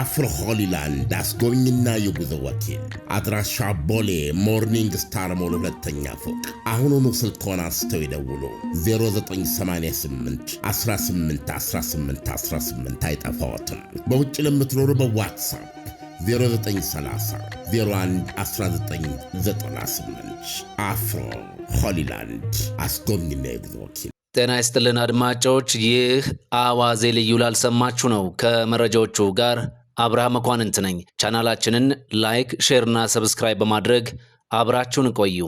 አፍሮ ሆሊላንድ አስጎብኝና የጉዞ ወኪል አድራሻ ቦሌ ሞርኒንግ ስታር ሞል ሁለተኛ ፎቅ። አሁኑኑ ስልክዎን አንስተው ይደውሉ 0988 18 18 18 አይጠፋዎትም። በውጭ ለምትኖሩ በዋትሳፕ 0930 01 1998 አፍሮ ሆሊላንድ አስጎብኝና የጉዞ ወኪል። ጤና ይስጥልን አድማጮች፣ ይህ አዋዜ ልዩ ላልሰማችሁ ነው። ከመረጃዎቹ ጋር አብርሃም መኳንንት ነኝ። ቻናላችንን ላይክ፣ ሼርና ሰብስክራይብ በማድረግ አብራችሁን ቆዩ።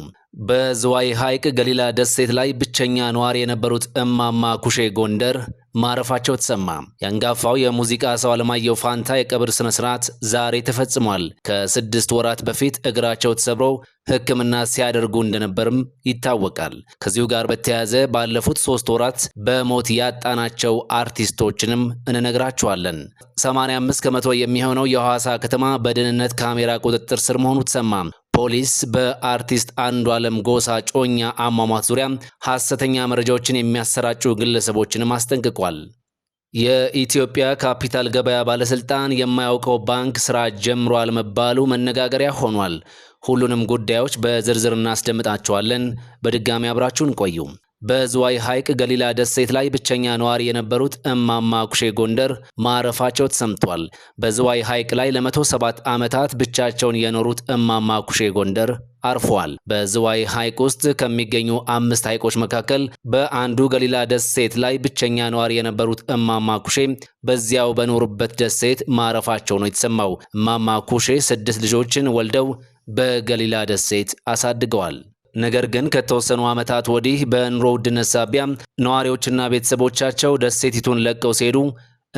በዝዋይ ሐይቅ ገሊላ ደሴት ላይ ብቸኛ ነዋሪ የነበሩት እማማ ኩሼ ጎንደር ማረፋቸው ተሰማ። የአንጋፋው የሙዚቃ ሰው አለማየሁ ፋንታ የቀብር ስነ ስርዓት ዛሬ ተፈጽሟል። ከስድስት ወራት በፊት እግራቸው ተሰብረው ሕክምና ሲያደርጉ እንደነበርም ይታወቃል። ከዚሁ ጋር በተያያዘ ባለፉት ሶስት ወራት በሞት ያጣናቸው አርቲስቶችንም እንነግራችኋለን። 85 ከመቶ የሚሆነው የሐዋሳ ከተማ በደህንነት ካሜራ ቁጥጥር ስር መሆኑ ተሰማ። ፖሊስ በአርቲስት አንዱ አለም ጎሳ ጮኛ አሟሟት ዙሪያ ሐሰተኛ መረጃዎችን የሚያሰራጩ ግለሰቦችንም አስጠንቅቋል። የኢትዮጵያ ካፒታል ገበያ ባለስልጣን የማያውቀው ባንክ ስራ ጀምሯል መባሉ መነጋገሪያ ሆኗል። ሁሉንም ጉዳዮች በዝርዝር እናስደምጣቸዋለን። በድጋሚ አብራችሁን ቆዩም። በዝዋይ ሐይቅ ገሊላ ደሴት ላይ ብቸኛ ነዋሪ የነበሩት እማማ ኩሼ ጎንደር ማረፋቸው ተሰምቷል። በዝዋይ ሐይቅ ላይ ለመቶ ሰባት ዓመታት ብቻቸውን የኖሩት እማማ ኩሼ ጎንደር አርፏል። በዝዋይ ሐይቅ ውስጥ ከሚገኙ አምስት ሐይቆች መካከል በአንዱ ገሊላ ደሴት ላይ ብቸኛ ነዋሪ የነበሩት እማማ ኩሼ በዚያው በኖሩበት ደሴት ማረፋቸው ነው የተሰማው። እማማ ኩሼ ስድስት ልጆችን ወልደው በገሊላ ደሴት አሳድገዋል። ነገር ግን ከተወሰኑ ዓመታት ወዲህ በኑሮ ውድነት ሳቢያ ነዋሪዎችና ቤተሰቦቻቸው ደሴቲቱን ለቀው ሲሄዱ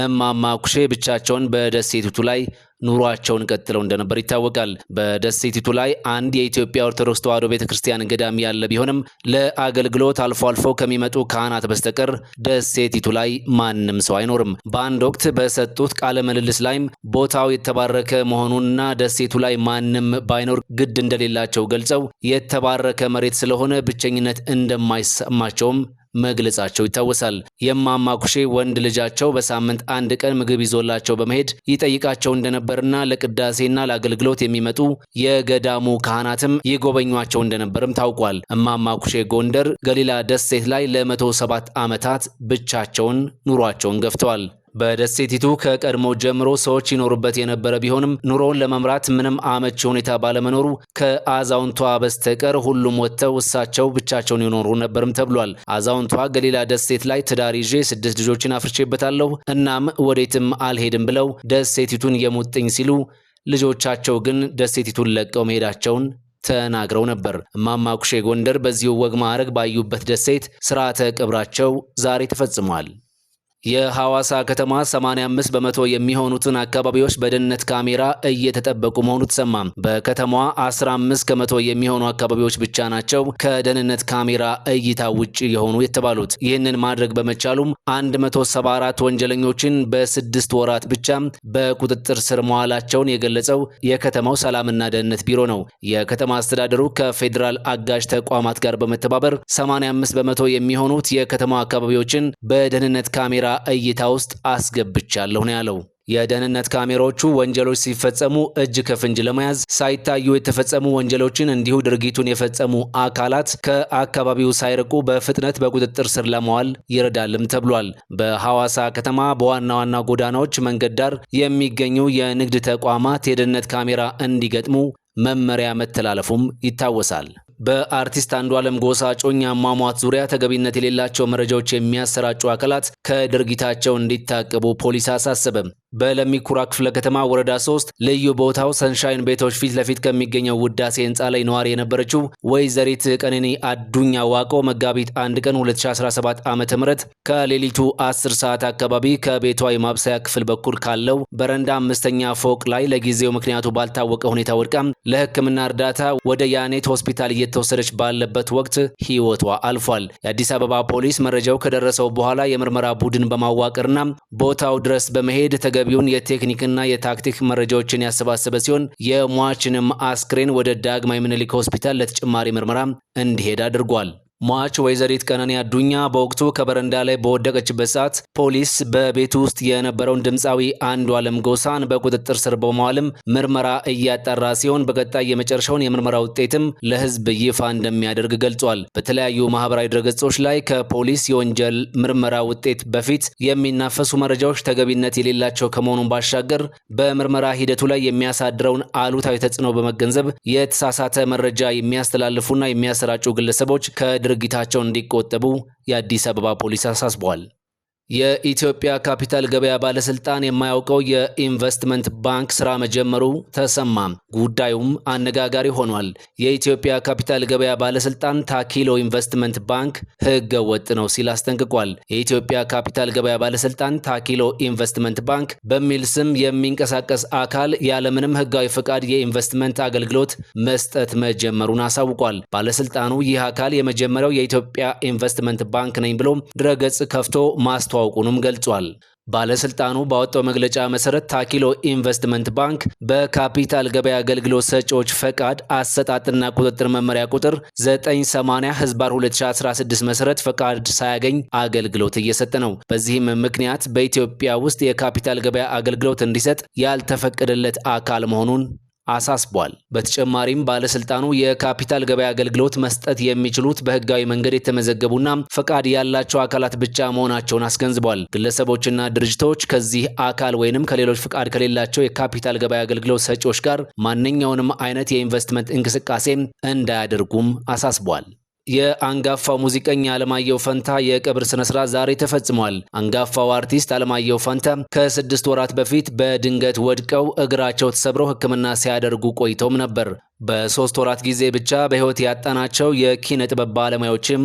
እማማ ኩሼ ብቻቸውን በደሴቲቱ ላይ ኑሯቸውን ቀጥለው እንደነበር ይታወቃል። በደሴቲቱ ላይ አንድ የኢትዮጵያ ኦርቶዶክስ ተዋሕዶ ቤተ ክርስቲያን ገዳም ያለ ቢሆንም ለአገልግሎት አልፎ አልፎ ከሚመጡ ካህናት በስተቀር ደሴቲቱ ላይ ማንም ሰው አይኖርም። በአንድ ወቅት በሰጡት ቃለ ምልልስ ላይም ቦታው የተባረከ መሆኑንና ደሴቱ ላይ ማንም ባይኖር ግድ እንደሌላቸው ገልጸው የተባረከ መሬት ስለሆነ ብቸኝነት እንደማይሰማቸውም መግለጻቸው ይታወሳል። የማማኩሼ ወንድ ልጃቸው በሳምንት አንድ ቀን ምግብ ይዞላቸው በመሄድ ይጠይቃቸው እንደነበርና ለቅዳሴና ለአገልግሎት የሚመጡ የገዳሙ ካህናትም ይጎበኟቸው እንደነበርም ታውቋል። ኩሼ ጎንደር ገሊላ ደሴት ላይ ለመቶ ሰባት ዓመታት ብቻቸውን ኑሯቸውን ገፍተዋል። በደሴቲቱ ከቀድሞ ጀምሮ ሰዎች ይኖሩበት የነበረ ቢሆንም ኑሮውን ለመምራት ምንም አመቺ ሁኔታ ባለመኖሩ ከአዛውንቷ በስተቀር ሁሉም ወጥተው እሳቸው ብቻቸውን ይኖሩ ነበርም ተብሏል። አዛውንቷ ገሊላ ደሴት ላይ ትዳር ይዤ ስድስት ልጆችን አፍርቼበታለሁ፣ እናም ወዴትም አልሄድም ብለው ደሴቲቱን የሙጥኝ ሲሉ ልጆቻቸው ግን ደሴቲቱን ለቀው መሄዳቸውን ተናግረው ነበር። እማማ ኩሼ ጎንደር በዚሁ ወግ ማዕረግ ባዩበት ደሴት ስርዓተ ቅብራቸው ዛሬ ተፈጽሟል። የሐዋሳ ከተማ 85 በመቶ የሚሆኑትን አካባቢዎች በደህንነት ካሜራ እየተጠበቁ መሆኑ ተሰማ። በከተማዋ 15 ከመቶ የሚሆኑ አካባቢዎች ብቻ ናቸው ከደህንነት ካሜራ እይታ ውጭ የሆኑ የተባሉት። ይህንን ማድረግ በመቻሉም 174 ወንጀለኞችን በስድስት ወራት ብቻ በቁጥጥር ስር መዋላቸውን የገለጸው የከተማው ሰላምና ደህንነት ቢሮ ነው። የከተማ አስተዳደሩ ከፌዴራል አጋዥ ተቋማት ጋር በመተባበር 85 በመቶ የሚሆኑት የከተማው አካባቢዎችን በደህንነት ካሜራ ካሜራ እይታ ውስጥ አስገብቻለሁ ነው ያለው። የደህንነት ካሜራዎቹ ወንጀሎች ሲፈጸሙ እጅ ከፍንጅ ለመያዝ ሳይታዩ የተፈጸሙ ወንጀሎችን እንዲሁ ድርጊቱን የፈጸሙ አካላት ከአካባቢው ሳይርቁ በፍጥነት በቁጥጥር ስር ለማዋል ይረዳልም ተብሏል። በሐዋሳ ከተማ በዋና ዋና ጎዳናዎች መንገድ ዳር የሚገኙ የንግድ ተቋማት የደህንነት ካሜራ እንዲገጥሙ መመሪያ መተላለፉም ይታወሳል። በአርቲስት አንዷለም ጎሳ ጮኛ አሟሟት ዙሪያ ተገቢነት የሌላቸው መረጃዎች የሚያሰራጩ አካላት ከድርጊታቸው እንዲታቀቡ ፖሊስ አሳሰበም። በለሚኩራ ክፍለ ከተማ ወረዳ ሶስት ልዩ ቦታው ሰንሻይን ቤቶች ፊት ለፊት ከሚገኘው ውዳሴ ህንፃ ላይ ነዋሪ የነበረችው ወይዘሪት ቀነኒ አዱኛ ዋቆ መጋቢት 1 ቀን 2017 ዓ ም ከሌሊቱ 10 ሰዓት አካባቢ ከቤቷ የማብሰያ ክፍል በኩል ካለው በረንዳ አምስተኛ ፎቅ ላይ ለጊዜው ምክንያቱ ባልታወቀ ሁኔታ ወድቃም ለሕክምና እርዳታ ወደ ያኔት ሆስፒታል እየተወሰደች ባለበት ወቅት ህይወቷ አልፏል። የአዲስ አበባ ፖሊስ መረጃው ከደረሰው በኋላ የምርመራ ቡድን በማዋቀርና ቦታው ድረስ በመሄድ ተገቢውን የቴክኒክና የታክቲክ መረጃዎችን ያሰባሰበ ሲሆን የሟችንም አስክሬን ወደ ዳግማዊ ምኒልክ ሆስፒታል ለተጨማሪ ምርመራ እንዲሄድ አድርጓል። ሟች ወይዘሪት ቀነኒ አዱኛ በወቅቱ ከበረንዳ ላይ በወደቀችበት ሰዓት ፖሊስ በቤቱ ውስጥ የነበረውን ድምፃዊ አንዱ አለም ጎሳን በቁጥጥር ስር በመዋልም ምርመራ እያጠራ ሲሆን በቀጣይ የመጨረሻውን የምርመራ ውጤትም ለሕዝብ ይፋ እንደሚያደርግ ገልጿል። በተለያዩ ማህበራዊ ድረገጾች ላይ ከፖሊስ የወንጀል ምርመራ ውጤት በፊት የሚናፈሱ መረጃዎች ተገቢነት የሌላቸው ከመሆኑን ባሻገር በምርመራ ሂደቱ ላይ የሚያሳድረውን አሉታዊ ተጽዕኖ በመገንዘብ የተሳሳተ መረጃ የሚያስተላልፉና የሚያሰራጩ ግለሰቦች ከ ድርጊታቸውን እንዲቆጠቡ የአዲስ አበባ ፖሊስ አሳስቧል። የኢትዮጵያ ካፒታል ገበያ ባለስልጣን የማያውቀው የኢንቨስትመንት ባንክ ስራ መጀመሩ ተሰማ። ጉዳዩም አነጋጋሪ ሆኗል። የኢትዮጵያ ካፒታል ገበያ ባለስልጣን ታኪሎ ኢንቨስትመንት ባንክ ህገ ወጥ ነው ሲል አስጠንቅቋል። የኢትዮጵያ ካፒታል ገበያ ባለስልጣን ታኪሎ ኢንቨስትመንት ባንክ በሚል ስም የሚንቀሳቀስ አካል ያለምንም ህጋዊ ፈቃድ የኢንቨስትመንት አገልግሎት መስጠት መጀመሩን አሳውቋል። ባለስልጣኑ ይህ አካል የመጀመሪያው የኢትዮጵያ ኢንቨስትመንት ባንክ ነኝ ብሎ ድረገጽ ከፍቶ ማስተ ማስተዋወቁንም ገልጿል። ባለስልጣኑ ባወጣው መግለጫ መሰረት ታኪሎ ኢንቨስትመንት ባንክ በካፒታል ገበያ አገልግሎት ሰጪዎች ፈቃድ አሰጣጥና ቁጥጥር መመሪያ ቁጥር 980 ህዝባር 2016 መሰረት ፈቃድ ሳያገኝ አገልግሎት እየሰጠ ነው። በዚህም ምክንያት በኢትዮጵያ ውስጥ የካፒታል ገበያ አገልግሎት እንዲሰጥ ያልተፈቀደለት አካል መሆኑን አሳስቧል። በተጨማሪም ባለስልጣኑ የካፒታል ገበያ አገልግሎት መስጠት የሚችሉት በህጋዊ መንገድ የተመዘገቡና ፈቃድ ያላቸው አካላት ብቻ መሆናቸውን አስገንዝቧል። ግለሰቦችና ድርጅቶች ከዚህ አካል ወይንም ከሌሎች ፈቃድ ከሌላቸው የካፒታል ገበያ አገልግሎት ሰጪዎች ጋር ማንኛውንም አይነት የኢንቨስትመንት እንቅስቃሴ እንዳያደርጉም አሳስቧል። የአንጋፋው ሙዚቀኛ አለማየሁ ፈንታ የቀብር ስነ ስርዓት ዛሬ ተፈጽሟል። አንጋፋው አርቲስት አለማየሁ ፈንታ ከስድስት ወራት በፊት በድንገት ወድቀው እግራቸው ተሰብረው ሕክምና ሲያደርጉ ቆይተውም ነበር። በሶስት ወራት ጊዜ ብቻ በሕይወት ያጣናቸው የኪነ ጥበብ ባለሙያዎችም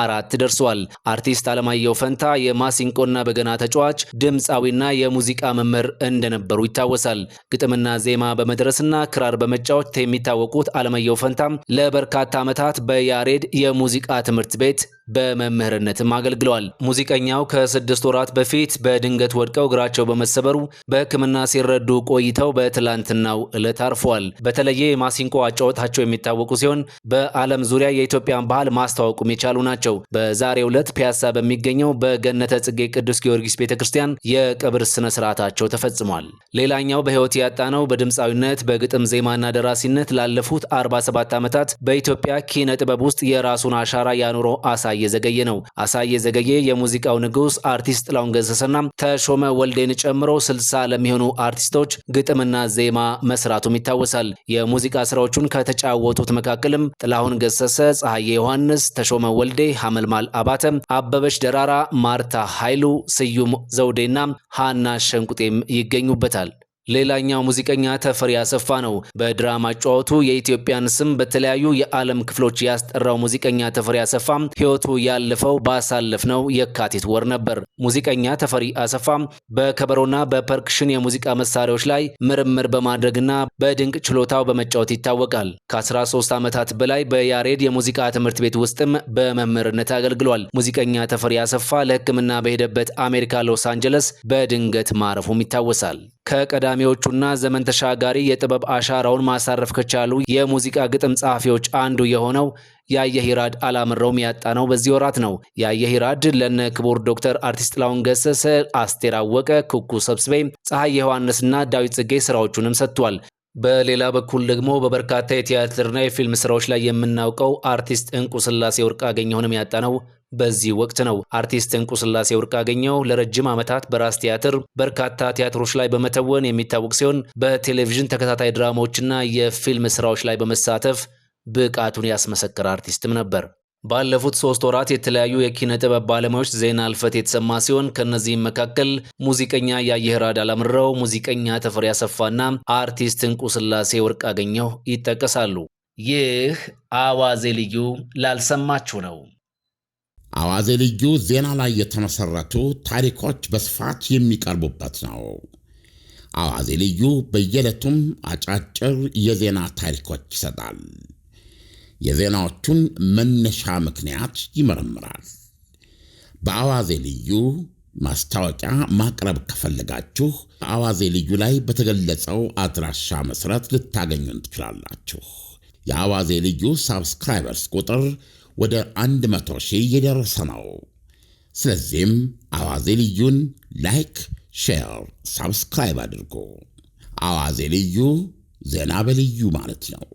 አራት ደርሷል። አርቲስት አለማየሁ ፈንታ የማሲንቆና በገና ተጫዋች ድምፃዊና የሙዚቃ መምህር እንደነበሩ ይታወሳል። ግጥምና ዜማ በመድረስና ክራር በመጫወት የሚታወቁት አለማየሁ ፈንታም ለበርካታ ዓመታት በያሬድ የሙዚቃ ትምህርት ቤት በመምህርነትም አገልግለዋል። ሙዚቀኛው ከስድስት ወራት በፊት በድንገት ወድቀው እግራቸው በመሰበሩ በሕክምና ሲረዱ ቆይተው በትላንትናው ዕለት አርፏል። በተለየ የማሲንቆ አጫወታቸው የሚታወቁ ሲሆን በዓለም ዙሪያ የኢትዮጵያን ባህል ማስተዋወቁም የቻሉ ናቸው። ናቸው። በዛሬው ዕለት ፒያሳ በሚገኘው በገነተ ጽጌ ቅዱስ ጊዮርጊስ ቤተ ክርስቲያን የቀብር ስነ ስርዓታቸው ተፈጽሟል። ሌላኛው በህይወት ያጣነው በድምፃዊነት በግጥም ዜማና ደራሲነት ላለፉት 47 ዓመታት በኢትዮጵያ ኪነ ጥበብ ውስጥ የራሱን አሻራ ያኑሮ አሳየ ዘገየ ነው። አሳየ ዘገየ የሙዚቃው ንጉሥ አርቲስት ጥላሁን ገሰሰና ተሾመ ወልዴን ጨምሮ ስልሳ ለሚሆኑ አርቲስቶች ግጥምና ዜማ መስራቱም ይታወሳል። የሙዚቃ ስራዎቹን ከተጫወቱት መካከልም ጥላሁን ገሰሰ፣ ፀሐዬ ዮሐንስ፣ ተሾመ ወልዴ ዘውዴ፣ ሐመልማል አባተም፣ አበበች ደራራ፣ ማርታ ኃይሉ፣ ስዩም ዘውዴና ሃና ሸንቁጤም ይገኙበታል። ሌላኛው ሙዚቀኛ ተፈሪ አሰፋ ነው። በድራማ ጨዋቱ የኢትዮጵያን ስም በተለያዩ የዓለም ክፍሎች ያስጠራው ሙዚቀኛ ተፈሪ አሰፋ ሕይወቱ ያለፈው ባሳለፍነው የካቲት ወር ነበር። ሙዚቀኛ ተፈሪ አሰፋ በከበሮና በፐርክሽን የሙዚቃ መሳሪያዎች ላይ ምርምር በማድረግና በድንቅ ችሎታው በመጫወት ይታወቃል። ከ13 ዓመታት በላይ በያሬድ የሙዚቃ ትምህርት ቤት ውስጥም በመምህርነት አገልግሏል። ሙዚቀኛ ተፈሪ አሰፋ ለሕክምና በሄደበት አሜሪካ ሎስ አንጀለስ በድንገት ማረፉም ይታወሳል። ከቀዳሚዎቹና ዘመን ተሻጋሪ የጥበብ አሻራውን ማሳረፍ ከቻሉ የሙዚቃ ግጥም ጸሐፊዎች አንዱ የሆነው ያየሂራድ ይራድ አላምረውም ያጣነው በዚህ ወራት ነው። ያየሂራድ ለነ ክቡር ዶክተር አርቲስት ጥላሁን ገሰሰ፣ አስቴር አወቀ፣ ኩኩ ሰብስቤ፣ ፀሐይ ዮሐንስና ዳዊት ጽጌ ስራዎቹንም ሰጥቷል። በሌላ በኩል ደግሞ በበርካታ የቲያትርና የፊልም ስራዎች ላይ የምናውቀው አርቲስት እንቁ ስላሴ ወርቅ አገኘሁንም ያጣነው በዚህ ወቅት ነው። አርቲስት እንቁ ስላሴ ወርቅ አገኘው ለረጅም ዓመታት በራስ ቲያትር በርካታ ቲያትሮች ላይ በመተወን የሚታወቅ ሲሆን በቴሌቪዥን ተከታታይ ድራማዎችና የፊልም ስራዎች ላይ በመሳተፍ ብቃቱን ያስመሰከረ አርቲስትም ነበር። ባለፉት ሶስት ወራት የተለያዩ የኪነ ጥበብ ባለሙያዎች ዜና እልፈት የተሰማ ሲሆን ከእነዚህም መካከል ሙዚቀኛ ያየህ ራድ አላምረው፣ ሙዚቀኛ ተፈሪ አሰፋና አርቲስት እንቁ ስላሴ ወርቅ አገኘው ይጠቀሳሉ። ይህ አዋዜ ልዩ ላልሰማችሁ ነው። አዋዜ ልዩ ዜና ላይ የተመሰረቱ ታሪኮች በስፋት የሚቀርቡበት ነው። አዋዜ ልዩ በየዕለቱም አጫጭር የዜና ታሪኮች ይሰጣል። የዜናዎቹን መነሻ ምክንያት ይመረምራል። በአዋዜ ልዩ ማስታወቂያ ማቅረብ ከፈለጋችሁ አዋዜ ልዩ ላይ በተገለጸው አድራሻ መሠረት ልታገኙን ትችላላችሁ። የአዋዜ ልዩ ሳብስክራይበርስ ቁጥር ወደ 100 ሺህ እየደረሰ ነው። ስለዚህም አዋዜ ልዩን ላይክ፣ ሼር፣ ሳብስክራይብ አድርጎ አዋዜ ልዩ ዜና በልዩ ማለት ነው።